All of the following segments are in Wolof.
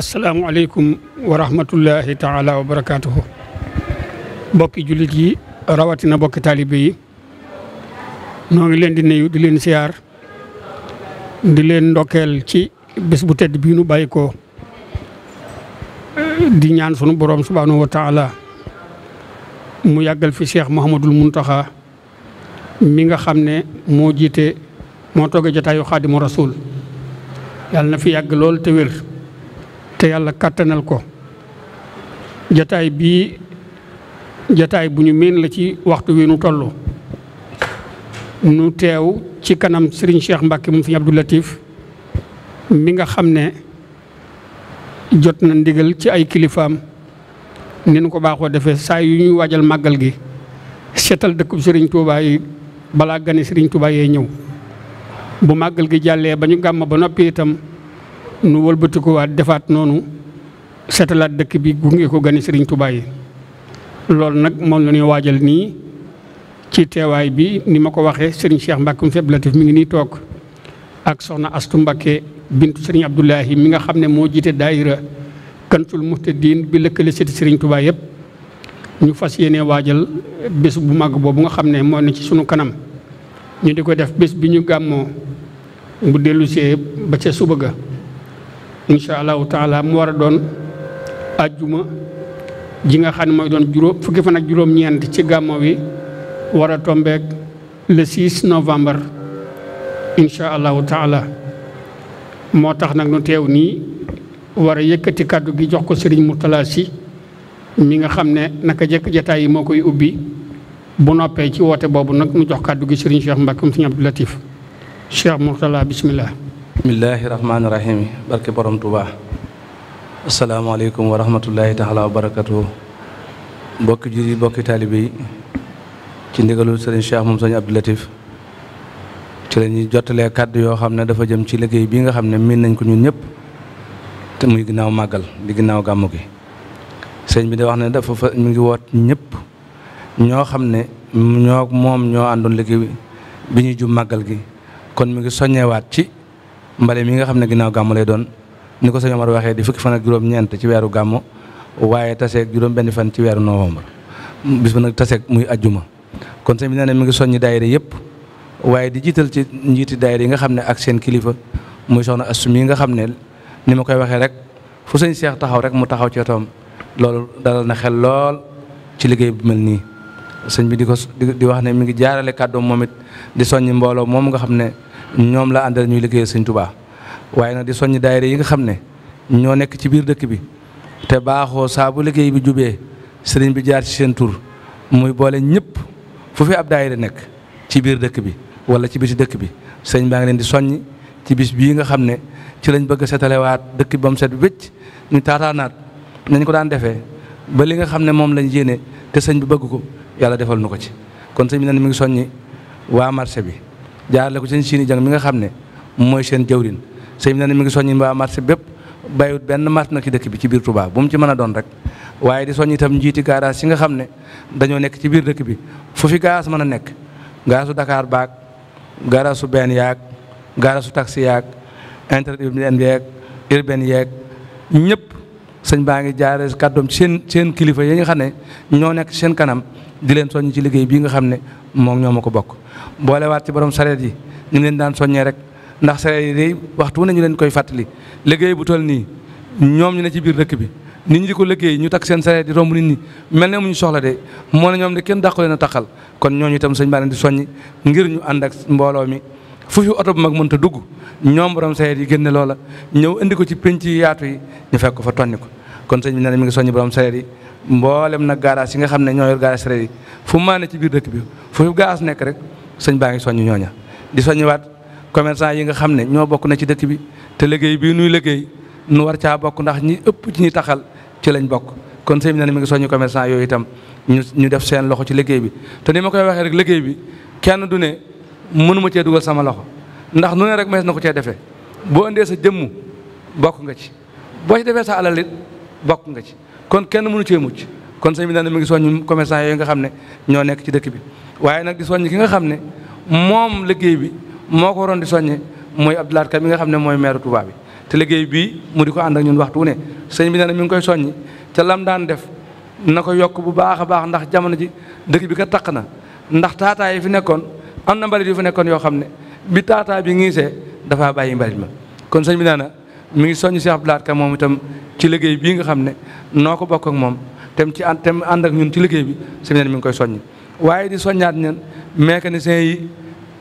asalaamualeykum wa rahmatullahi taala wa barakaatuhu bokki jullit yi rawatina bokki taalibe yi noo ngi leen di nuyu di leen siyaar di leen ndokkeel ci bés bu tedd bii nu ko di ñaan sunu borom subhaanahu wa mu yàggal fi Cheikh Mouhamadul Mountakha mi nga xam ne moo jiite moo toogee jotaayu xaadimu rasul yàlla na fi yàgg lool te wér. te yàlla kàttanal ko jataay bii jataay bu ñu meen la ci waxtu wi nu toll nu teew ci kanam sëriñ Cheikh Mbacke mu fi Abdou Latif mi nga xam ne jot na ndigal ci ay kilifaam ni nu ko baaxoo defee saa yu ñuy waajal màggal gi seetal dëkkub Serigne Touba yi balaa gane sëriñ Touba yee ñëw bu màggal gi jàllee ba ñu gàmm ba noppi itam nu wëlbatikuwaat defaat noonu setalaat dëkk bi gunge ko gani sëriñ Touba yi loolu nag moom la waajal nii ci teewaay bi ni ma ko waxee Serigne Cheikh Mbacke Feb Latif mi ngi nii toog ak soxna Astu Mbacke bintu Serigne Abdoulahi mi nga xam ne moo jiite daayira kantul muhtadin bi lëkkale sëriñ Serigne Touba yëpp ñu fas yéene waajal bés bu mag boobu nga xam ne moo ne ci sunu kanam ñu di ko def bés bi ñu gàmmoo bu dellusee ba ca suba ga incha allahu taala mu war a doon ajjuma ji nga xam ne mooy doon juróom fukki fan ak juróom-ñeent ci gàmmo wi war a tombeek le 6 novembre incha allahu taala moo tax nag nu teew nii war a yëkkati kàddu gi jox ko Serigne Mourtala Sy mi nga xam ne naka jekk jataay yi moo koy ubbi bu noppee ci woote boobu nag mu jox kàddu gi Serigne Cheikh Mbacké mu Serigne Abdou Latif Cheikh Mourtala bismillah bismillaahi rahmaani rahiim barke borom Touba asalaamaaleykum wa rahmatullahi taala wa barakatuhu mbokki jur yi mbokki taalibe yi ci ndigalul sëriñ Cheikh moom sëriñ Abdou Latif ci la ñuy jottalee kàddu yoo xam ne dafa jëm ci liggéey bi nga xam ne miin nañ ko ñun ñëpp te muy ginnaaw màggal di ginnaaw gàmmu gi sëñ bi da wax ne dafa fa mu ngi woot ñépp ñoo xam ne ñoo moom ñoo àndoon liggéey bi ñuy jub màggal gi kon mi ngi soññewaat ci mbale mi nga xam ne ginnaaw gàmmu lay doon ni ko sëñ Omar waxee di fukki fan ak juróom-ñeent ci weeru gàmm waaye taseeg juróom-benn fan ci weeru novembre bis ba nag taseeg muy ajjuma kon sëñ bi nee na mi ngi soññi daayira yëpp waaye di jiital ci njiiti daayira yi nga xam ne ak seen kilifa muy soxna assum yi nga xam ne ni ma koy waxee rek fu sëñ Cheikh taxaw rek mu taxaw ci toom loolu dalal na xel lool ci liggéey bu mel nii sëñ bi di ko di wax ne mi ngi jaarale kàddu moom it di soññi mbooloo moom nga xam ne ñoom la àndal ñuy liggéeyal sëñ Tuubaa waaye nag di soññ daayira yi nga xam ne ñoo nekk ci biir dëkk bi te baaxoo saa bu liggéey bi jubee sëriñ bi jaar ci seen tur muy boole ñëpp fu fi ab daayira nekk ci biir dëkk bi wala ci biti dëkk bi sëñ baa ngi leen di soññ ci biis bii nga xam ne ci lañ bëgg a setalewaat dëkk bi ba mu set wécc ñu taataanaat nañ ko daan defee ba li nga xam ne moom lañ yéene te sëñ bi bëgg ko yàlla defal nu ko ci kon sëñ bi ne mi ngi soññi waa marché bi jaarale ko seen siini jang mi nga xam ne mooy seen jawrin sëñ bi ne mi ngi soññi waa marché bépp bàyyiwut benn marché nag ci dëkk bi ci biir Touba bu mu ci mën a doon rek waaye di soññ itam njiiti garage yi nga xam ne dañoo nekk ci biir dëkk bi fu fi garage mën a nekk garage su Dakar baag garage su benn yaag garage su taxi yaag interurbaine yeeg urbaine yeeg ñëpp sëñ baa ngi jaare kàddoom ci seen seen kilifa yi nga xam ne ñoo nekk seen kanam di leen soññ ci liggéey bii nga xam ne moom ñoo ma ko bokk boolewaat ci borom sareet yi ñu leen daan soññee rek ndax sareet yi day waxtu nañu leen koy fàttali liggéey bu toll nii ñoom ñu ne ci biir dëkk bi nit ñu di ko liggéey ñu takk seen sareet di romb nit ñi mel ne ñu soxla de moo ne ñoom de kenn dàqu leen a taxal kon ñooñu itam sëñ baa leen di soññ ngir ñu ànd ak mbooloo mi fu fi oto bu mag mënta dugg ñoom borom sareet yi génne loola ñëw indi ko ci pénc yi yaatu yi ñu fekk ko fa tonni ko kon sëñ bi nee na ngi soññ borom sareet yi mboolem nag garage yi nga xam ne ñoo yor garage rek yi fu mu maane ci biir dëkk bi fu garage nekk rek sëñ baa ngi soññ ñooña di soññiwaat commerçant yi nga xam ne ñoo bokk na ci dëkk bi te liggéey bii nuy liggéey nu war caa bokk ndax ñi ëpp ci ñi taxal ci lañ bokk kon sëñ bi na mi ngi soññi commerçant yooyu ñu ñu def seen loxo ci liggéey bi te ni ma koy waxee rek liggéey bi kenn du ne mënuma cee dugal sama loxo ndax nu ne rek mees na ko cee defee boo indee sa jëmm bokk nga ci boo ci defee sa alal bokk nga ci kon kenn mënu cee mucc kon sëñ bi nee na mi ngi soññ commerçant yooyu nga xam ne ñoo nekk ci dëkk bi waaye nag di soññ ki nga xam ne moom liggéey bi moo ko waroon di soññe mooy Abdou Lahad Ka mi nga xam ne mooy maire Touba bi te liggéey bii mu di ko ànd ak ñun waxtu ne sëñ bi nee na mi ngi koy soññ ca lam daan def na ko yokk bu baax a baax ndax jamono ji dëkk bi ka taq na ndax taataa yi fi nekkoon am na mbalit yu fi nekkoon yoo xam ne bi taataa bi ngiisee dafaa bàyyi mbalit ma kon sëñ bi nee na mi ngi soññ Cheikh Abdoulaye Ka moom itam ci liggéey bii nga xam ne noo ko bokk ak moom tem ci tem ànd ak ñun ci liggéey bi sëñ bi mi ngi koy soññ waaye di soññaat ñen mécaniciens yi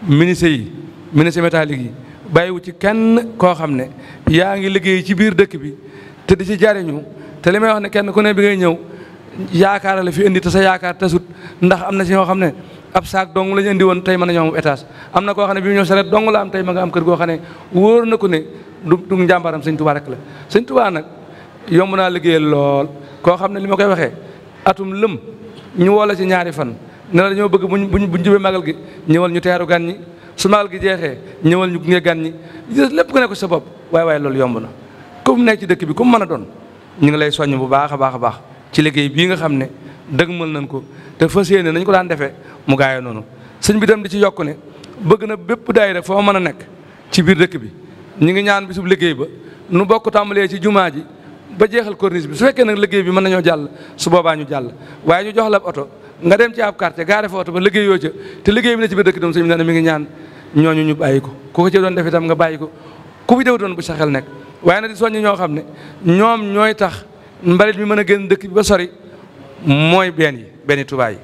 menuisiers yi menuisier métallique yi bàyyiwu ci kenn koo xam ne yaa ngi liggéey ci biir dëkk bi te di ci jariñu te li may wax ne kenn ku ne bi ngay ñëw yaakaar la fi indi te sa yaakaar tasut ndax am na si ñoo xam ne ab saak dong la ñu indi woon tey mën a ñoom étage am na koo xam ne bi mu ñëw saret la am tey ma nga am kër goo xam ne wóor na ko ne du du njàmbaram sëñ Tuubaa rek la sëñ Tuubaa nag yomb naa liggéeyal lool koo xam ne li ma koy waxee atum lëm ñu woo la ci ñaari fan ne dañoo bëgg buñ buñ buñ jubee magal gi ñëwal ñu teeru gan ñi su magal gi jeexee ñëwal ñu gunge gan ñi lépp nga ne ko sa bopp waaye waaye loolu yomb na ku mu nekk ci dëkk bi ku mu mën a doon ñu ngi lay soññ bu baax a baax a baax ci liggéey bii nga xam ne dëgg mën nañ ko te fas yéene nañ ko daan defee mu gaayoo noonu sëñ bi dem di ci yokk ne bëgg na bépp daayira foo mën a nekk ci biir dëkk bi ñu ngi ñaan bi bisub liggéey ba nu bokk tàmbalee ci jumaa ji ba jeexal corniche bi su fekkee nag liggéey bi mën nañoo jàll su boobaa ñu jàll waaye ñu jox la oto nga dem ci ab quartier gaare fa oto ba liggéeyoo ca te liggéey bi ne ci biir dëkk doom sëñ bi nee na mi ngi ñaan ñooñu ñu bàyyi ko ku ko ci doon def itam nga bàyyi ko ku fi dew doon bu sa xel nekk waaye nag di soññi ñoo xam ne ñoom ñooy tax mbalit mi mën a génn dëkk bi ba sori mooy benn yi benn tubaay yi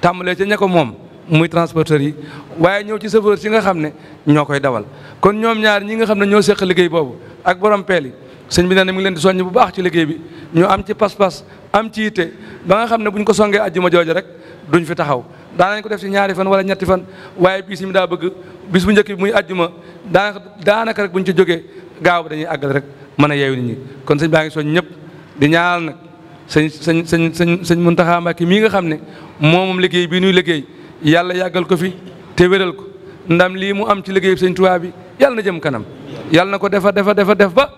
tàmbalee ña ko moom muy transporteur yi waaye ñëw ci chauffeur si nga xam ne ñoo koy dawal kon ñoom ñaar ñi nga xam ne ñoo seq liggéey boobu ak borom peel yi sëñ bi nee ne mu ngi leen di soññ bu baax ci liggéey bi ñu am ci pas-pas am ci yitte ba nga xam ne bu ñu ko songee ajjuma jooju rek duñ fi taxaw daanañ ko def ci ñaari fan wala ñetti fan waaye bii si mi daa bëgg bis bu njëkk bi muy ajjuma daanaka daanaka rek bu ñu ci jógee gaaw bi dañuy àggal rek mën a yeewu nit ñi kon sëñ baa ngi soñ ñëpp di ñaanal sëñ sëñ sëñ sëñ sëñ Muntaxa Mbàkke mii nga xam ne moom liggéey bii nuy liggéey yàlla yàggal ko fi te wéral ko ndam lii mu am ci liggéey sëñ Tuubaa bi yàlla na jëm kanam yàlla na ko defa defa defa def ba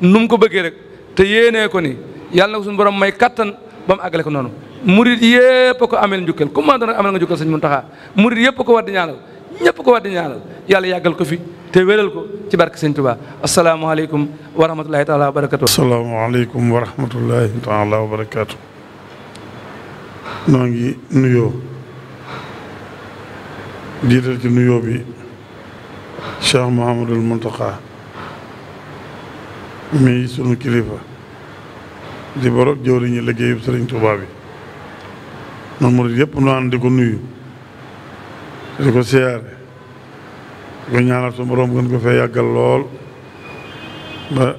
nu mu ko bëggee rek te yéenee ko ni yàlla na ko suñu borom may kattan ba mu àggale ko noonu murit yëpp a ko amel njukkal comme maa doon rek amal nga njukkal sëñ Muntaxa murit yëpp a ko war ñaanal ñëpp ko war ñaanal yàlla yàggal ko fi te wéral ko ci barke sëñ Tuubaa asalaamaaleykum wa rahmatulahi taala wa barakatu wa rahmatulahi taala wa barakatu ngi nuyoo jiital ci nuyoo bi Cheikh Mouhamadul Mountakha mi sunu kilifa di borom jëwriñu liggéeyu Sëriñ Tuubaa bi noonu murit yëpp nu ànd di ko nuyu di ko siyaare di ko ñaanal sunu borom gën ko fee yàggal lool ba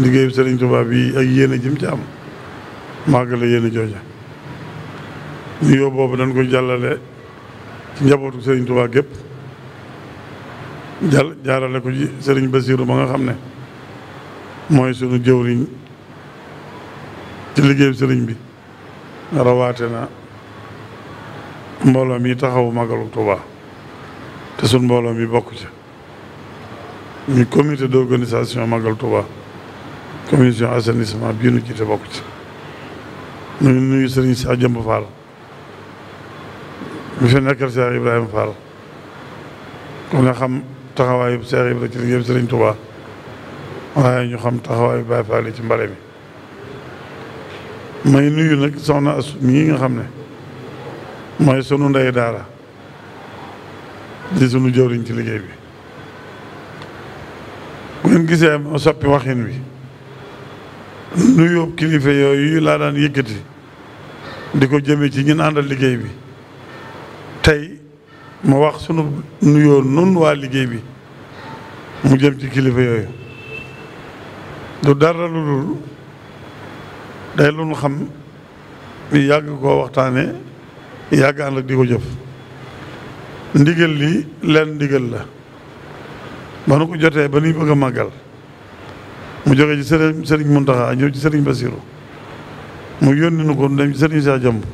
liggéeyu Sëriñ Tuubaa bi ak yéene jëm ci am màggale yéene jooja nuyoo boobu dañ ko jàllale ci njabootu Serigne Touba gépp jàll jaarale ko ci Serigne Bassirou ba nga xam ne mooy sunu jëwriñ ci liggéeyu sëriñ bi rawaate na mbooloo mi taxawu magalu Touba te sunu mbooloo mi bokk ci ñu comité d'organisation magal Touba commission assainissement bii nu jiite bokk ci ñu nuyu Serigne Cheikh Jëmb Fall mi fi nekkal Cheikh Ibrahima Fall ku xam taxawaayu Cheikh ci liggéey bi Sëriñ Tuubaa waaye ñu xam taxawaayu Baye Fall ci mbale mi may nuyu nag soxna Astu mii nga xam ne mooy sunu ndey daara di sunu jëwriñ ci liggéey bi bu ngeen gisee ma soppi waxin wi nuyu kilifa yooyu laa daan yëkkati di ko jëme ci ñun àndal liggéey bi tey ma wax sunu nuyoo nun waa liggéey bi mu jëm ci kilifa yooyu du dara lu dul day lu xam yàgg koo waxtaane yàgg ànd ak di ko jëf ndigal li leen ndigal la ba nu ko jotee ba nuy bëgg a màggal mu jógee ci sëriñ sëriñ Muntaxa ñëw ci sëriñ Basiru mu yónni nu ko dem ci sëriñ Saa Jàmb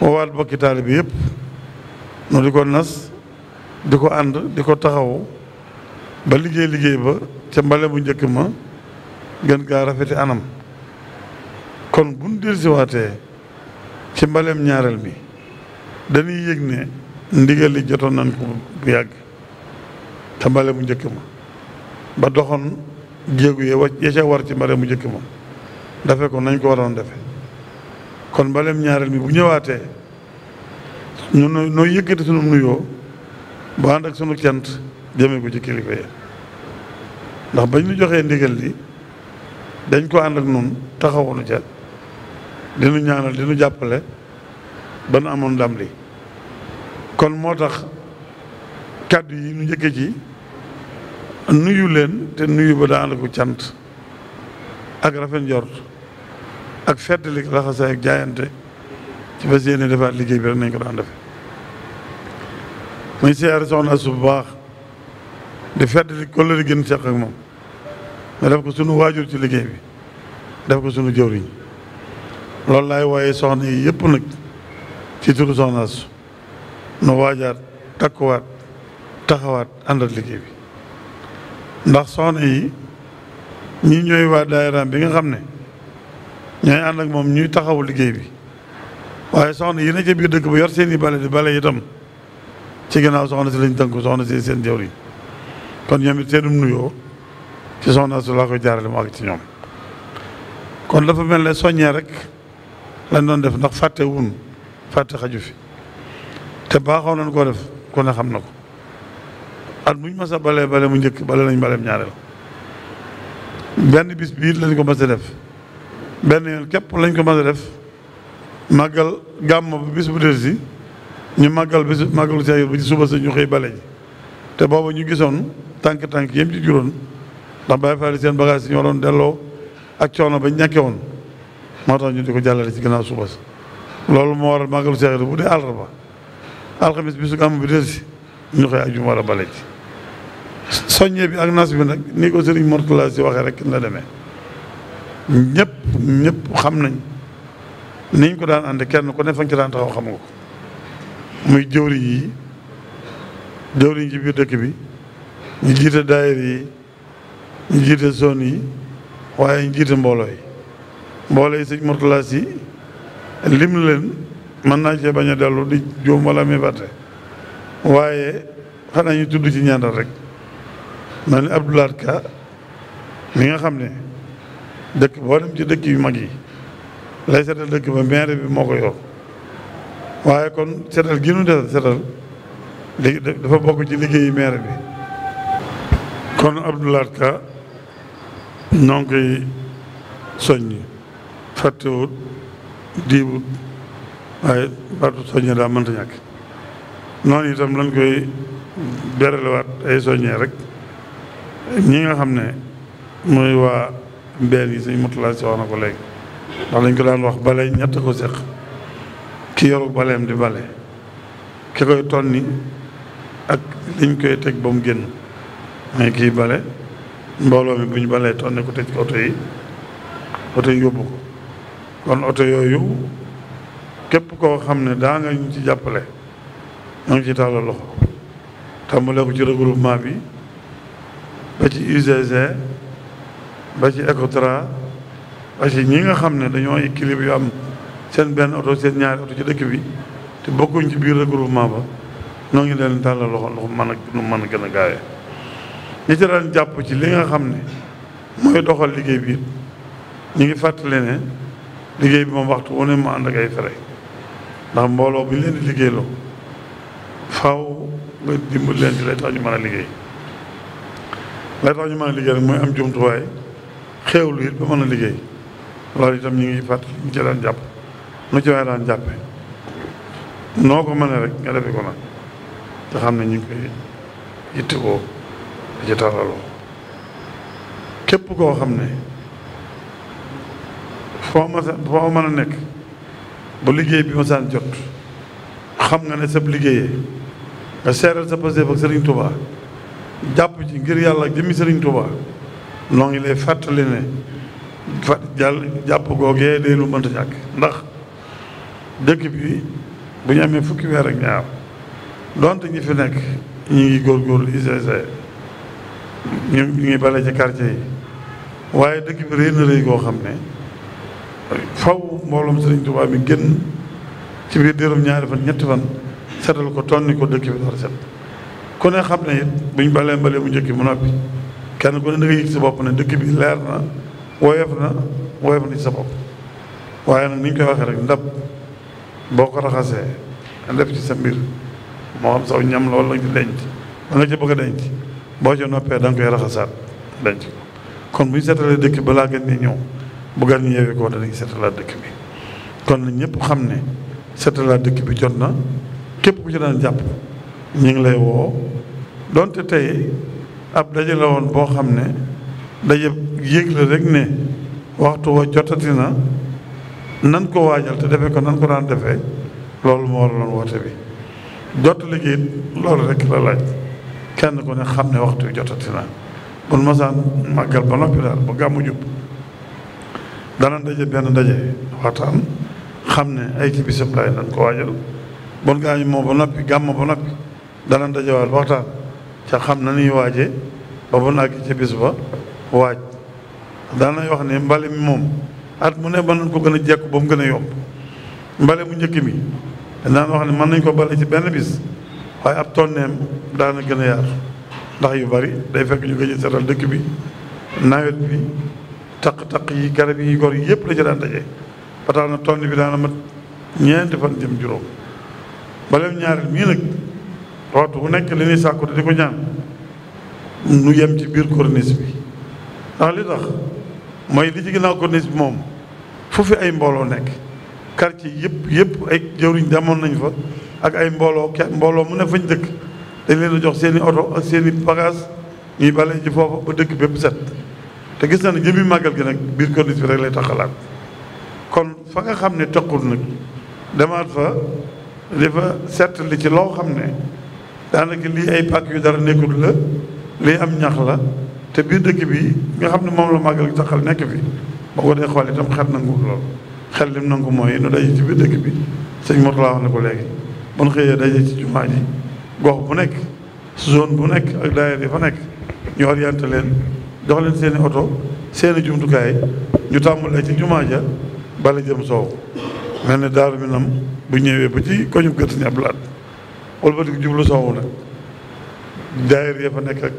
woowaat bokki taalibe bi yëpp nu di ko nas di ko ànd di ko taxawu ba liggéey liggéey ba ca mbale bu njëkk ma gën gaa rafeti anam kon buñ dellusiwaatee ci mbaleem ñaareel bi dañuy yëg ne ndigal li jotoon nañ ko bu yàgg te mbale bu njëkk ma ba doxoon jéegu ye wacc ca war ci mbale bu njëkk ma dafe ko nañ ko waroon defe kon mbaleem ñaareel bi bu ñëwaatee ñun nooy yëkkati sunu nuyoo ba ànd ak sunu cant jëmee ko ci kilifa ndax bañ ñu joxee ndigal li dañ ko ànd ak nun taxawunu ca dinu ñaanal dinu jàppale ba nu amoon ndam li kon moo tax kàddu yi nu njëkke ci nuyu leen te nuyu ba daa ànd cant ak rafet njort ak feddali laxasaay ak jaayante ci fas yéene defaat liggéey bi rek nañ ko daan defe muy siyaare soxna su bu baax di fàttali kóllëre gën seq ak moom nga def ko sunu waajur ci liggéey bi def ko sunu jëwriñ loolu laay wooyee soxna yi yëpp nag ci turu soxna su nu waajaat takkuwaat taxawaat àndal liggéey bi ndax soxna yi ñi ñooy waa daayiraam bi nga xam ne ñooy ànd ak moom ñuy taxawu liggéey bi waaye soxna yi na ca biir dëkk bu yor seeni bale di bale tam ci gannaaw soxna si lañ tënku soxna si seen jawriñ kon ñoom it seenum nuyoo ci soxna su laa koy jaarale mu àgg ci ñoom kon dafa mel ne soññee rek lañ doon def ndax fàtte wun fàtte xaju fi te baaxoo nañ koo def kon ne xam na ko at muñ mas a balee bale mu njëkk bale lañ baleem ñaareel benn bis bii lañ ko mas a def benn képp lañ ko mas a def màggal gàmm bu bis bu del si ñu màggal bi màggalu Seex bi ci suba sa ñu xëy bale ji te booba ñu gisoon tànk-tànk yém ci juróon ndax bàyyi faali seen bagage yi ñoo doon delloo ak coono ba ñàkke woon moo tax di ko jàllale ci gannaaw suba sa loolu moo waral màggalu Seex bu dee àllarba alxamis bi su gàmm bi delsi ñu xëy ak juma war a bale ji soññe bi ak bi nag ni ko sëriñ Mortalla si waxee rek la demee ñëpp xam nañ niñ ko daan ànd kenn ku ne fa nga xam nga ko muy jëwri yi jëwriñ ci biir dëkk bi ñu jiite daayira yi ñu jiite zone yi waaye ñu jiite mbooloo yi mbooloo yi sëñ Mourtala si lim leen mën naa cee bañ a dellu di juum wala mi batte waaye xanaa ñu tudd ci ñaanal rek mel ni Abdoulaat Ka mi nga xam ne dëkk boo dem ci dëkk yu mag yi lay seetal dëkk ba maire bi moo ko yor waaye kon setal gi nu def setal dafa bokk ci liggéeyu maire bi kon Abdoulaye Ka noo ngi koy soññi fàttewut diibut waaye baatu soññe daa mënta ñàkk noonu itam lañ koy berelewaat ay soññee rek ñi nga xam ne muy waa mbeen yi suñ motulaa si wax na ko léegi ndax lañ ko daan wax bale ñett ko seq ki yoru baleem di bale ki koy ton ni ak liñ koy teg ba mu génn mooy kii bale mbooloo mi bu ñu balee tonni ko tëj ko oto yi oto yi kon oto yooyu képp ko xam ne daa nga ñu ci jàppale ñoo ngi ci tàllal loxo tàmbalee ko ci regroupement bi ba ci UGC ba ci ECOTRA ba ci ñi nga xam ne dañoo équilibre yu am seen benn oto seen ñaari oto ci dëkk bi te bokkuñ ci biir regroupement ba noo ngi leen tàllal loxo loxo mën a nu mën a gën a gaawee ñi ci daan jàpp ci li nga xam ne mooy doxal liggéey bi ñu ngi fàttali ne liggéey bi moom waxtu wu mu ànd ak ay fere ndax mbooloo bu ñu leen di liggéeyloo faaw nga dimbal leen di lay tax ñu mën a liggéey lay tax ñu mën a liggéey rek mooy am jumtuwaay xéewlu it ba mën a liggéey loolu itam ñu ngi fàttali ñu ci daan jàpp nu ci waaye daan jàppe noo ko mënee rek nga defe ko nag te xam ne ñu ngi koy yitte boo di ci képp koo xam ne foo ma mën a nekk bu liggéey bi ma jot xam nga ne sab liggéeyee nga seeral sa pasé ak Sëriñ Tuubaa jàpp ji ngir yàlla ak jëmmi Sëriñ Tuubaa noo ngi lay fàttali ne fàtt jàll jàpp googee day lu mënta ñàkk ndax dëkk bi bu ñu amee fukki weer ak ñaar donte ñi fi nekk ñi ngi góorgóorlu ICC ñu ñu ngi bale ci quartier yi waaye dëkk bi rëy na rëy goo xam ne faw si Sëriñ Tuubaa mi génn ci biir diirum ñaari fan ñetti fan setal ko tonni ko dëkk bi dara set ku ne xam ne it buñ balee mbalee mu njëkk mu noppi kenn ku ne da nga sa bopp ne dëkk bi leer na woyof na woyof na ci sa bopp waaye nag ni koy waxee rek ndab boo ko raxasee def ci sa mbir moo xam saw ñam la wala nga denc da nga ci bëgg denc boo ci noppee da nga koy raxasaat denc ko kon bu ñu seetalee dëkk balaa gën ni ñëw bu gan ñëwee ko danañ seetalaat dëkk bi kon na ñëpp xam ne seetalaat dëkk bi jot na képp ku ci daan jàpp ñu ngi lay woo donte tey ab daje woon boo xam ne daje yëg la rek ne waxtu wa jotati na nan ko waajal te defe ko nan ko daan defee loolu moo waraloon woote bi jot liggéey loolu rek la laaj kenn ku ne xam ne waxtu bi jotati na bun masaan màggal ba noppi daal ba gàmmu jub dana ndaje benn ndaje waxtaan xam ne ay ci bisam laay nan ko waajal bon gaañu moom ba noppi gàmm ba noppi dana ndajewaat waxtaan ca xam na nuy waaje ba bu àgg ca bis ba waaj daanay wax ne mbali mi moom at mu ne man nañ ko gën a jekku ba mu gën a yomb mbale mu njëkk mi danaan wax ne mën nañ koo bale ci benn bis waaye ab tonneem daana gën a yaatu ndax yu bari day fekk ñu gëj a dëkk bi nawet bi taq-taq yi garab yi gor yëpp la ci daan daje ba tax na tonne bi daana mat ñeenti fan jëm juróom baleem ñaareel mii nag waxtu bu nekk li ñuy sàkku di ko ñaan nu yem ci biir corniche bi ndax li tax mooy li ci ginnaaw corniche bi moom fu fi ay mbooloo nekk quartier yëpp yëpp ay jawriñ demoon nañ fa ak ay mbooloo mbooloo mu ne fañ dëkk dañ leen jox seen i oto ak seen i bagage ñuy bale ji foofa ba dëkk bépp set te gis na ne jëmi màggal gi nag biir corniche bi rek lay taxalaat kon fa nga xam ne toqul nag demaat fa dafa seetli ci loo xam ne daanaka lii ay pàkk yu dara nekkul la lii am ñax la te biir dëkk bi nga xam ne moom la màggal gi taxal nekk bi boo ko dee xool itam xel nangu lool xel lim nangu mooy nu daje ci biir dëkk bi sëñ Mourtala wax na ko léegi bu ñu xëyee daje ci jumaa ji gox bu nekk zone bu nekk ak daayira yi fa nekk ñu orienté leen jox leen seen oto seeni jumtukaay ñu tàmbalee ci jumaa ja bala jëm soow mel ne daaru bi nam bu ñëwee ba ci koñu gët ni ab laat wala jublu soow nag daayira ya fa nekk ak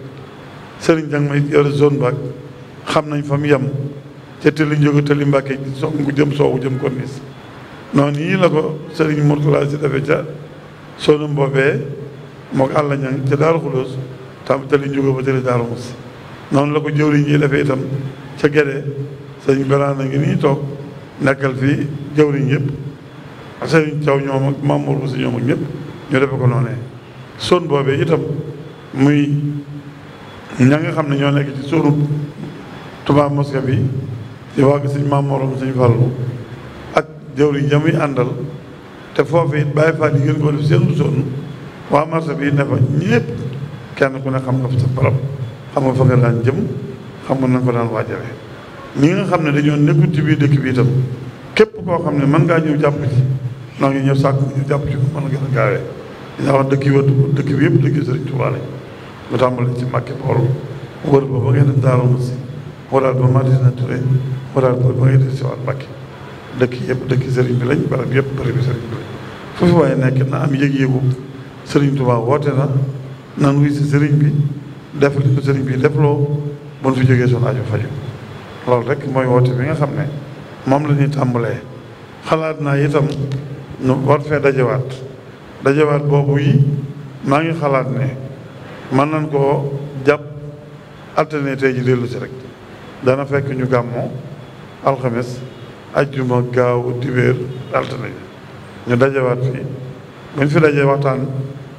sëriñ jang may yore zone baag xam nañ fa mu yem ca tëli njóge tëli mbàkke so jëm soowu jëm corniche noonu yi la ko sëriñ Mourtala si defe ca soonu mboobee moo ko àll ñang ca daaru xulóos tam tëli njóge ba tëli daaru mus noonu la ko jëwriñ yi defee itam ca gede sëriñ Birane na ngi nii toog nekkal fii jëwriñ yëpp sëriñ Thiaw ñoom ak Mamour Bousso ñoom ak ñëpp ñu defe ko noonee son boobee itam muy ña nga xam ne ñoo nekk ci suurub tubaab Mosquée bi di wàgg suñ maam morom suñ Fallu ak jëwriñ ja muy àndal te foofu it bàyyi faa di gën koo def seen sonn waa marché bi ne fa ñëpp kenn ku ne xam nga fa sa barab xam nga fa nga daan jëm xam nga na ko daan waajale ñi nga xam ne dañoo nekkul ci biir dëkk bi tam képp koo xam ne mën ngaa ñëw jàpp ci noo ngi ñëw sàkk ñu jàpp ci ko mën a gën a gaawee dina wax dëkk yi dëkk bi yëpp dëkk Sëriñ Tuubaa lañ lu tàmbale si Mbàkke Bawol wër ba ba ngay def Daaru Muxti waraat ba Madina Touré waraat ba ba ngay def si waat Mbàkke dëkk yépp dëkk sëriñ bi lañ barab yëpp barab bi sëriñ bi lañ foofu waaye nekk na am yëg-yëgu sëriñ Tuubaa woote na nan wuy si sëriñ bi def li ko sëriñ bi defloo ba nu fi jógee suñu aajo faju loolu rek mooy woote bi nga xam ne moom la ñuy tàmbalee xalaat naa itam nu war fee dajewaat dajewaat boobu yi maa ngi xalaat ne mën nañ koo jàpp alterné tey ji dellu si rek dana fekk ñu gàmmoo alxames ajjuma gaaw dibéer alterné ñu dajewaat fii buñ fi dajee waxtaan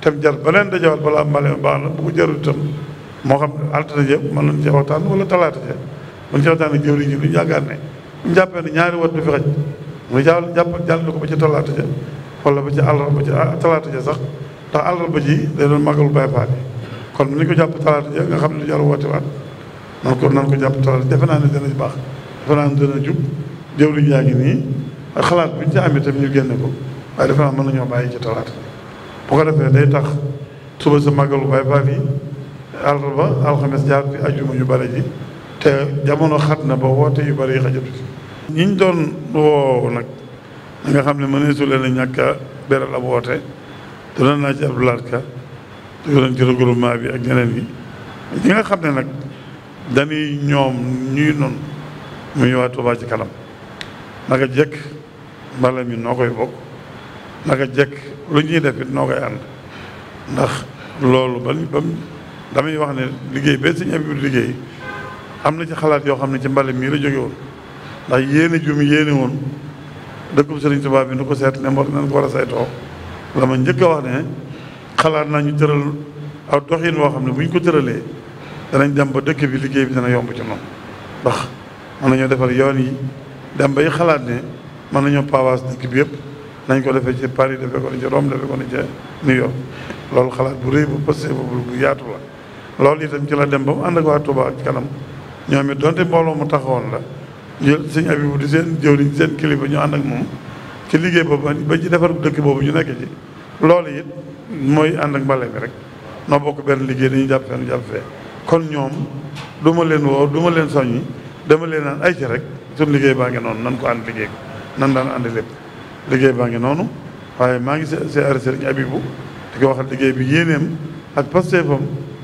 tem jar beneen dajewaat balaa mbale baax na bu ko jarul moo xam alterné yëpp mën nañ cee waxtaan wala talaata je buñ ci waxtaan ak jëwriñ ñi duñ ñaari wat du mu jàll jàpp jàll ko ba ci talaata je wala ba ci àllarba ci ah, talaata je sax ndax àllarba ji day doon màggalu Baay Faal kon nañ ko jàpp talaata nga xam ne jaru woote waat nan ko nan ko jàpp talaata defe naa ne dana baax defe naa ne dana jub jëwriñ yaa ngi nii ak xalaat bi ñu ci amee tamit ñu génne ko waaye defe naa mën nañoo bàyyi ci talaata bu ko defee day tax suba sa màggalu Baay Faal yi àllarba alxames jaar fi ajjuma yu bare ji te jamono xat na ba woote yu bare yi xajatu ñi ñu doon woo nag nga xam ne mëneesu leen a ñàkk a beral ab woote naa ci Abdou Lahad Ka dugaloon ci regroupement bi ak ñeneen yi ñi nga xam ne nag dañuy ñoom ñuy noon muy waa Touba ci kanam a jekk mbale mi noo koy bokk naka jekk lu ñuy def it noo koy ànd ndax loolu ba bam damay wax ne liggéey ba sëñ Abibu liggéey am na ci xalaat yoo xam ne ci mbale mii la jóge woon ndax yéene ju mu yéene woon dëkkub Sëriñ Tuubaa bi nu ko seet ne na nañ ko war a saytoo la ma njëkk wax ne xalaat naa ñu tëral aw doxin woo xam ne bu ñu ko tëralee danañ dem ba dëkk bi liggéey bi dana yomb ci noonu ndax mën nañoo defar yoon yi dem bay xalaat ne mën nañoo paawaas dëkk bi yëpp nañ ko defee ci Paris defee ko ne ci Rome defee ko ne ca New York loolu xalaat bu rëy bu passé boobu bu yaatu la loolu itam ci la dem ba mu ànd ak waa Touba kanam ñoom it donte mbooloo mu taxawoon la jël sëñ Abibu di seen jëwriñ di seen kilifa ñu ànd ak moom ci liggéey boobu ba ci defar dëkk boobu ñu nekk ci loolu mooy ànd ak mbale bi rek noo bokk benn liggéey dañuy jàpp fenn jàpp fee kon ñoom du ma leen woo duma ma leen soññi dama leen naan ay ci rek suñu liggéey baa ngi noonu nan ko ànd nan daan ànd lépp liggéey baa ngi noonu waaye maa ngi seer Sëriñ Abibu di ko waxal liggéey bi yéeneem ak pasteefam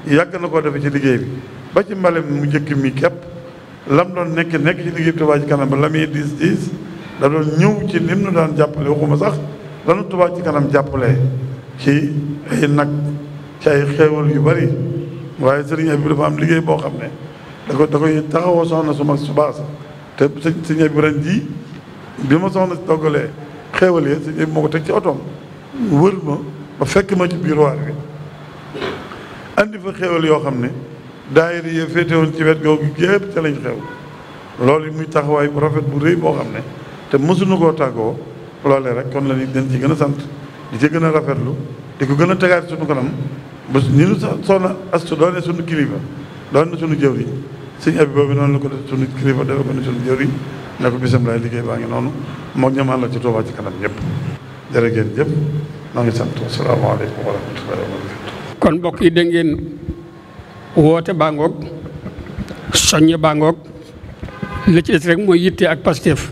yàgg na koo defe ci liggéey bi ba ci mbale mu njëkk mi képp lam doon nekk nekk ci liggéey bi Touba ci kanam ba la muy diis diis da doon ñëw ci lim nu daan jàppale waxuma sax lanu Touba ci kanam jàppalee ci ay nag ci ay xéewal yu bari waaye sëriñ bi dafa am liggéey boo xam ne da da koy taxawoo soxna su mag su baax te sëriñ bi ren jii bi ma soxna si toggalee xéewal yi moo ko teg ci otoom wër ma ba fekk ma ci biir bi andi fa xéewal yoo xam ne daayira yi féete ci wet googu gépp ca lañ xew loolu muy taxawaay bu rafet bu rëy boo xam ne te mësuñu koo tàggoo loolee rek kon la ñuy den ci gën a sant di ci gën a rafetlu di ko gën a tegaat suñu kanam ba ni ñu soxna astu doone suñu kilifa doon na suñu jëwriñ sëñ abi boobu noonu la ko def suñu kilifa defe ko ne suñu jëwriñ ne ko bisam laay liggéey baa ngi noonu moo ñoom ànd la ci Tuubaa ci kanam ñëpp jërë ngeen jëf maa ngi sant asalaamaaleykum wa rahmatullahi wa barakatu kon mbokk yi da ngeen woote baa ngoog soññe baa ngoog li ci des rek mooy yitte ak Pastef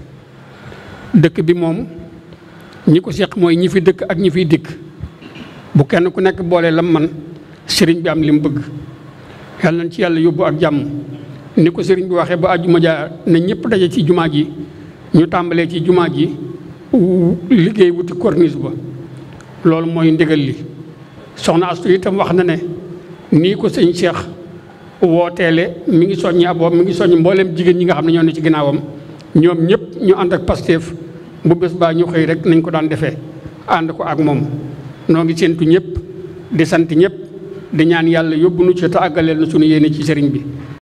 dëkk bi moom ñi ko seq mooy ñi fi dëkk ak ñi fiy dikk bu kenn ku nekk boole lam man sëriñ bi am li mu bëgg yàlla nañ ci yàlla yóbbu ak jàmm ni ko sëriñ bi waxee ba àjjuma ja na ñëpp daje ci jumaa ji ñu tàmbalee ci jumaa ji liggéey wuti corniche ba loolu mooy ndigal li soxna Astu itam wax na ne nii ko sëñ Cheikh wooteele mu ngi soññi aboo mi ngi soññ mbooleem jigéen ñi nga xam ne ñoom ne ci ginnaawam ñoom ñëpp ñu ànd ak Pastef bu bés baa ñu xëy rek nañu ko daan defee ànd ko ak moom noo ngi séentu ñëpp di sant ñëpp di ñaan yàlla yóbbu nu ci te àggaleel na sunu yéene ci sëriñ bi